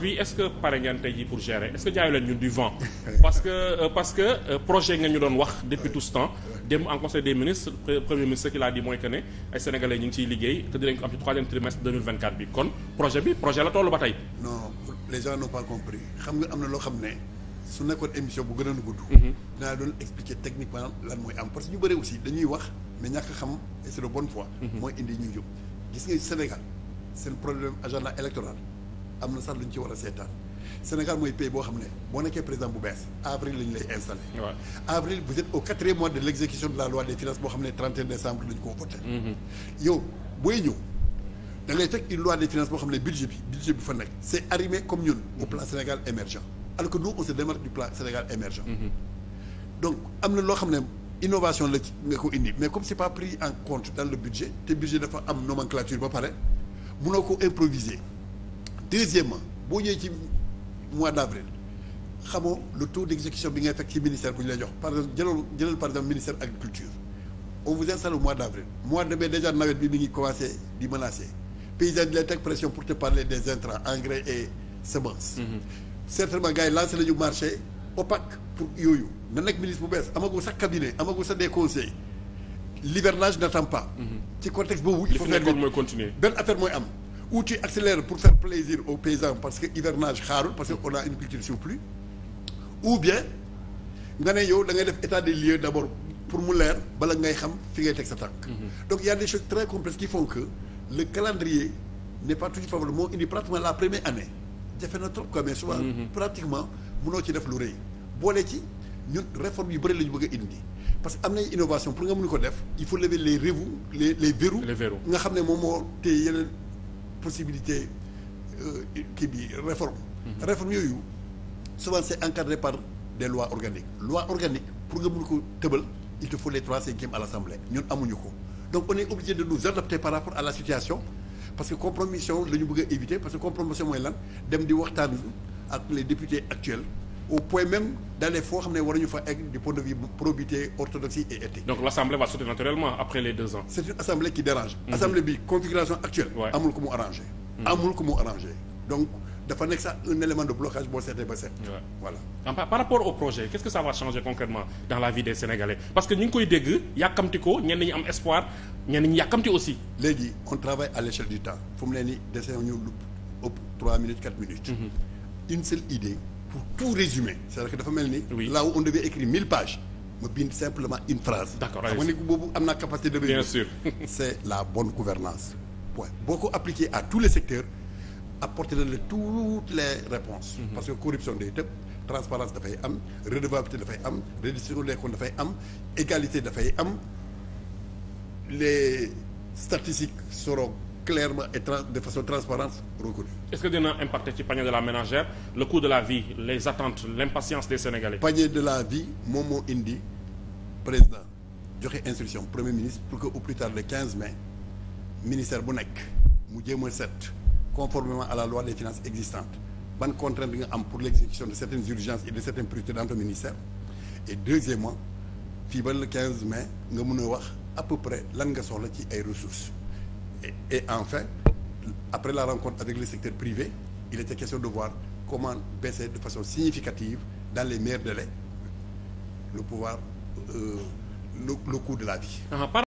bi est-ce que pare ngeen tey jii pour gérer est-ce que jaayu leen ñun du parce que euh, parce que euh, projet nga ñu doon wax depuis tout ce temps dem en conseil des ministres premier ministre qui l'a dit mooy que ay sénégalais ñu ngi ciy liggéey te dinañ ko am ci troisième trimestre bi kon projet bi projet la toll ba tey non les gens n'ont pas compris xam nga am na loo xam ne su nekkoon émission bu gënoon gudd mhm. dinaa doon expliquer techniquement lan mooy am parce que ñu am na sax lu ñu ci war a seetaan Sénégal mooy pays boo xam ne boo nekkee président bu bees avril la ñu lay installé. avril vous au quatrième mois de l' exécution de la loi des finances boo xam ne 31 décembre la ñu ko voté. Mm-hmm. yow booy ñëw da ngay fekk une loi des boo xam ne budget bi budget bi fa nekk. c' est arrimé comme mm-hmm. plan Sénégal émergent alors que nous on se démarque du plan Sénégal émergent. Mm-hmm. donc am na loo xam ne innovation la ko indi mais comme c' est pas pris en compte dans le budget te budget deuxièmement boo ñëwee ci mois d' avril xamoo le taux d' exécution bi ngay fekk ci ministère bu ñu lay jox par exemple jëlal jëlal par exemple ministère agriculture on vous installe au mois d' avril mois de mai déjà nawet bi mi ngi commencé di menacer paysan di lay teg pression pour te parler des intrants engrais et semences. Mm -hmm. certainement gars yi marché opaque pour yooyu na nekk ministre bu bees amagu sa cabinet amagu sa des conseils l'hivernage n'attend pas. Mm-hmm. ci mm -hmm. contexte boobu. il faut faire benn affaire mooy am. ou tu accélères pour faire plaisir aux paysans parce que hivernage xaarul parce que on a une culture sous pluie ou bien nga ne yow da ngay def état des lieux d'abord pour mu leer bala ngay xam fi ngay teg sa tànk mhm. donc il y a des choses très complexes qui font que le calendrier n'est pas toujours favorable moo indi pratiquement la première année jafe na trop quoi mais souvent mhm. pratiquement mënoo ci def lu rëy boole ci ñun réforme yu bëri la ñu bëgg a indi parce que am nañ innovation pour nga ko def il faut lever les nga xam ne moom moo te yeneen possibilité euh, kii bi réforme. réforme yooyu souvent c'est encadré par des lois organiques. loi organique pour nga mun ko tëbal il te faut les trois cinquièmes à l'Assemblée ñun amuñu ko donc on est obligé de nous adapter par rapport à la situation parce que compromission la ñu bëgg a éviter parce que compromission mooy lan dem di waxtaan ak les députés actuels. au point même d'aller foo xam ne waruñu fa egg du point de vue probité orthodoxie et éthique. donc l'assemblée va sauter naturellement après les deux ans. c'est une assemblée qui dérange. Mhm. assemblée bi configuration actuelle. amul ko mu arrangé. Mhm. amul ko mu arrangé donc dafa nekk sax un élément de blocage boo seetee ba seet. voilà ah, par rapport au projet qu'est-ce que ça va changer concrètement dans la vie des sénégalais parce que ñu ngi koy dégg yàkkamti ko pour tout résumer cest à dafa mel ni. là où on devait écrire mille pages ma bind simplement une phrase. d'accord xam nga boobu am naa capacité de. bien sûr c'est la bonne gouvernance boo ko appliquer à tous les secteurs apporter la toutes les réponses mhm. parce que corruption de tëb transparence dafay am redevabilité dafay am reddition des comptes dafay am égalité dafay am les statistiques soro clairement et de façon transparente reconnue. Est-ce que dina impacter ci panier de la ménagère le coût de la vie les attentes l'impatience des Sénégalais. panier de la vie moom moo indi président joxe instruction premier ministre pour que au plus tard le mai ministère bu nekk mu jéem a set conformément à la loi des finances existantes ban contrainte bi nga am pour l'exécution de certaines urgences et de certaines priorités dans ton ministère et deuxièmement fii ba le 15 mai nga mën a wax à peu près lan nga soxla ci ay ressources. et, et enfin, après la rencontre avec le secteur privé, il était question de voir comment baisser de façon significative dans les meilleurs délais le pouvoir, euh, le, le coût de la vie. Ah,